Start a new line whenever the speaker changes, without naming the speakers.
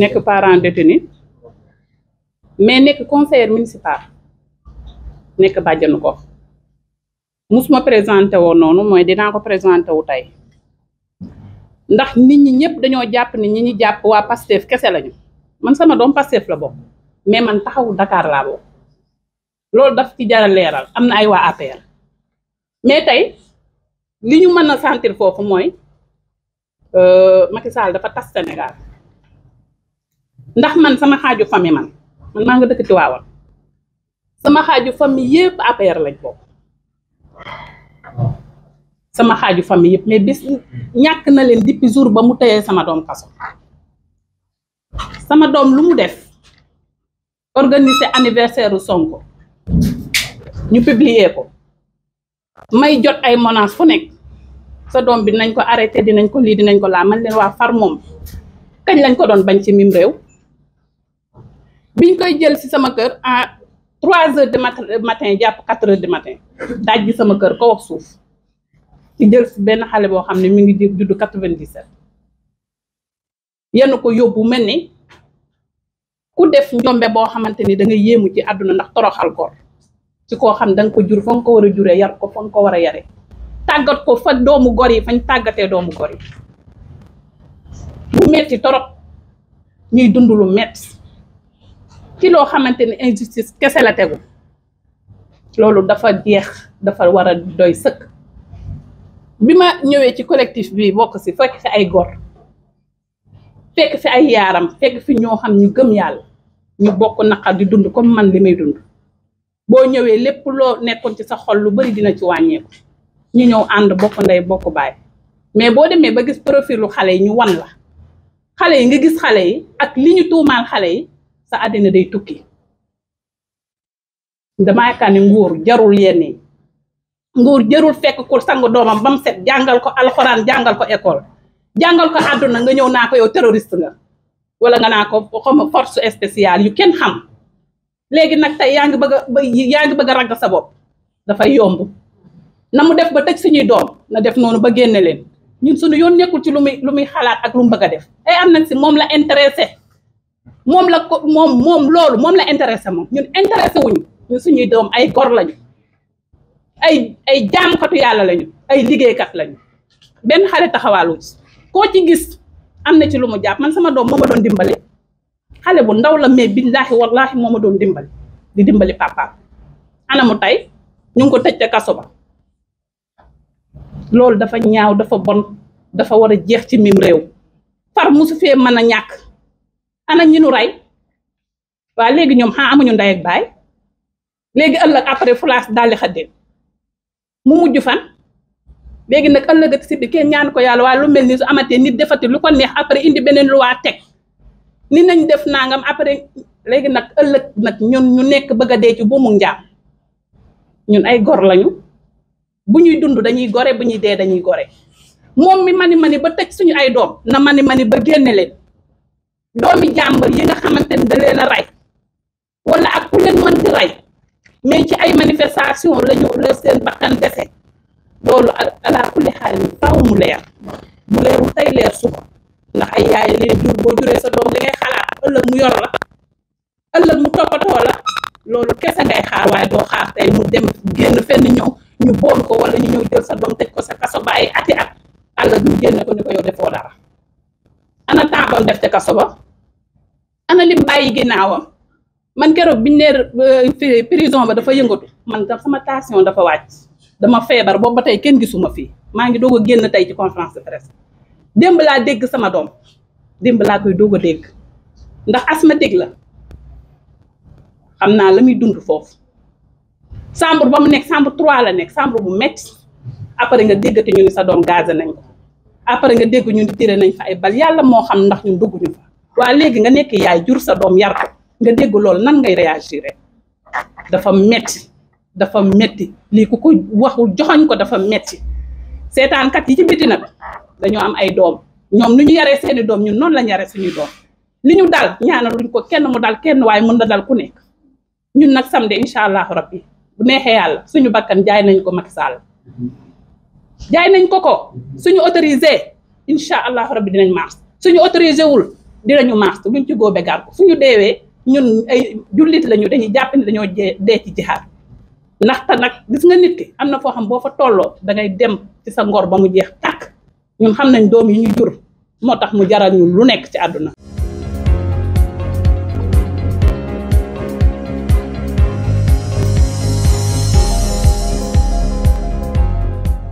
nekk parent détenu mais nekk conseiller municipal nekk bàjjanu gox musuma présenté woo noonu mooy dinaa ko présenté wu tey ndax nit ñi ñëpp dañoo jàpp ni ñi ñi jàpp waa Pastef kese lañu man sama doom Pastef la bokk mais man taxawu Dakar laa bokk loolu daf ci jara leeral am na ay waa APR mais tey li ñu mën a sentir foofu mooy euh, Macky Sall dafa tas Sénégal ndax man sama xaaju famille man man maa nga dëkk Tiwaawan sama xaaju famille yëpp APR lañ bokk sama xaaju famille yëpp mais bis ñàkk na leen depuis jour ba mu tëyee sama doom kaso sama doom lu mu def organiser anniversaire Sonko ñu publier ko may jot ay menaces fu nekk sa doom bi nañ ko arrêté dinañ ko lii dinañ ko laa man leen waa far moom kañ lañ ko doon bañ ci mim réew biñ koy jël si sama kër à 3 heures de matin euh, matin jàpp quatre heures de matin daj ji sama kër ko wax suuf ci jël si ben xalé bo xam mi ngi judd 97 yenn ko yobbu melni ku def njombe bo xamanteni da ngay yému ci aduna ndax toroxal ko ci ko xam dang ko jur ko wara juré yar ko ko wara yaré tagat ko fa doomu gori fañ tagaté doomu gori bu metti torop ñuy dundulu metti ci loo xamante ni injustice kese la tegu loolu dafa jeex dafa war a doy sëkk bi ma ñëwee ci collectif bi bokk si fekk fi ay gor fekk fi ay yaaram fekk fi ñoo xam ñu gëm yàlla ñu bokk naqar di dund comme man li may dund boo ñëwee lépp loo nekkoon ci sa xol lu bari dina ci wàññeeku ñu ñëw ànd bokk ndey bokk baay mais boo demee ba gis profilu xale yi ñu wan la xale yi nga gis xale yi ak li ñu tuumaal xale yi sa àddina day tukki dama yaakaar ne nguur jarul yenn nguur jarul fekk ku sang doomam ba set jàngal ko alxuraan jàngal ko école jàngal ko àdduna nga ñëw naa ko yow terroriste nga wala nga naa ko xawma force spéciale yu kenn xam léegi nag tey yaa ngi ba a yaa ngi bëgg a ragg sa bopp dafay yomb na mu def ba tëj suñuy doom na def noonu ba génne leen ñun sunu yoon nekkul ci lu muy lu muy xalaat ak lu mu bëgg a def ay am nag si moom la intéressé moom la ko moom moom loolu moom la intéressé moom ñun intéressé wuñu suñuy doom ay gor lañu ay ay jaamkatu yàlla lañu ay liggéeykat lañu benn xale taxawaalu ci koo ci gis am na ci lu mu jàpp man sama doom moo ma doon dimbali xale bu ndaw la mais billaahi wallaahi moo ma doon dimbali di dimbali papa ana mu tey ñu ngi ko tëj ca kaso ba loolu dafa ñaaw dafa bon dafa war a jeex ci mim réew far musu fee mën a ñàkk ana ñi nu rey waaw léegi ñoom xaa amuñu ndey ak baay léegi ëllëg après fulaas xa xaddeen mu mujj fan léegi nag ëllëgat si bi kenn ñaan ko yàlla waaye lu mel ni su amatee nit defati lu ko neex après indi beneen waa teg ni nañ def nangam après léegi nag ëllëg nag ñun ñu nekk bëgg a dee ci buumu njaam ñun ay gor lañu bu ñuy dund dañuy gore bu ñuy dee dañuy gore moom mi mani mani ba tëj suñu ay doom na mani mani ba génne leen doomi jàmbar yi nga xamante ne da leen a rey wala ak ku leen mën rey mais ci ay manifestation la ñu la seen bakkan dese loolu alaa kulli xaalis faw mu leer mu leeru tey leer suba ndax ay yaay leen jur boo juree sa doom li ngay xalaat ëllëg mu yor la ëllëg mu toppatoo la loolu kese ngay xaar waaye doo xaar tey mu dem génn fenn ñëw ñu bool ko wala ñu ñëw jël sa doom teg ko sa kaso bàyyi ati at ana lim bàyyi ginnaawam man keroog biñ ne euh, prison ba dafa yëngatu man tam sama tension dafa wàcc dama feebar boobu ba tey kenn gisuma fii maa ngi doog a génn tey ci conférence de presse démb laa dégg sama doom démb laa koy doog a dégg ndax asthmatique la xam naa la muy dund foofu chambre ba mu nekk chambre trois la nekk chambre bu mett après nga déggate ñu ni sa doom gaz nañ ko après nga dégg ñu ni tiré nañ fa ay bal yàlla moo xam ndax ñu dugguñu fa waa léegi nga nekk yaay jur sa doom yar ko nga dégg loolu nan ngay réagir dafa metti dafa metti lii ku ko waxul joxoñ ko dafa metti seetaankat yi ci biti nag dañoo am ay doom ñoom nu ñu yaree seeni doom ñu noon lañ yaree suñuy doom li ñu dal ñaanaluñ ko kenn mu daal kenn waaye mën na dal ku nekk ñun nag samedi incha allahu rabbi bu neexee yàlla suñu bakkan jaay nañ ko Macky Sall jaay nañ ko ko suñu autorisé incha allahu rabbi dinañ mars suñu autorisé wul dinañu mars luñ ci góobe gar ko suñu deewee ñun ay jullit lañu dañuy jàpp ne dañoo jee dee ci jihaad ndaxte nag gis nga nit ki am na foo xam boo fa tolloo da ngay dem ci sa ngor ba mu jeex tàkk ñun xam nañ doom yi ñu jur moo tax mu jaral ñu lu nekk ci àdduna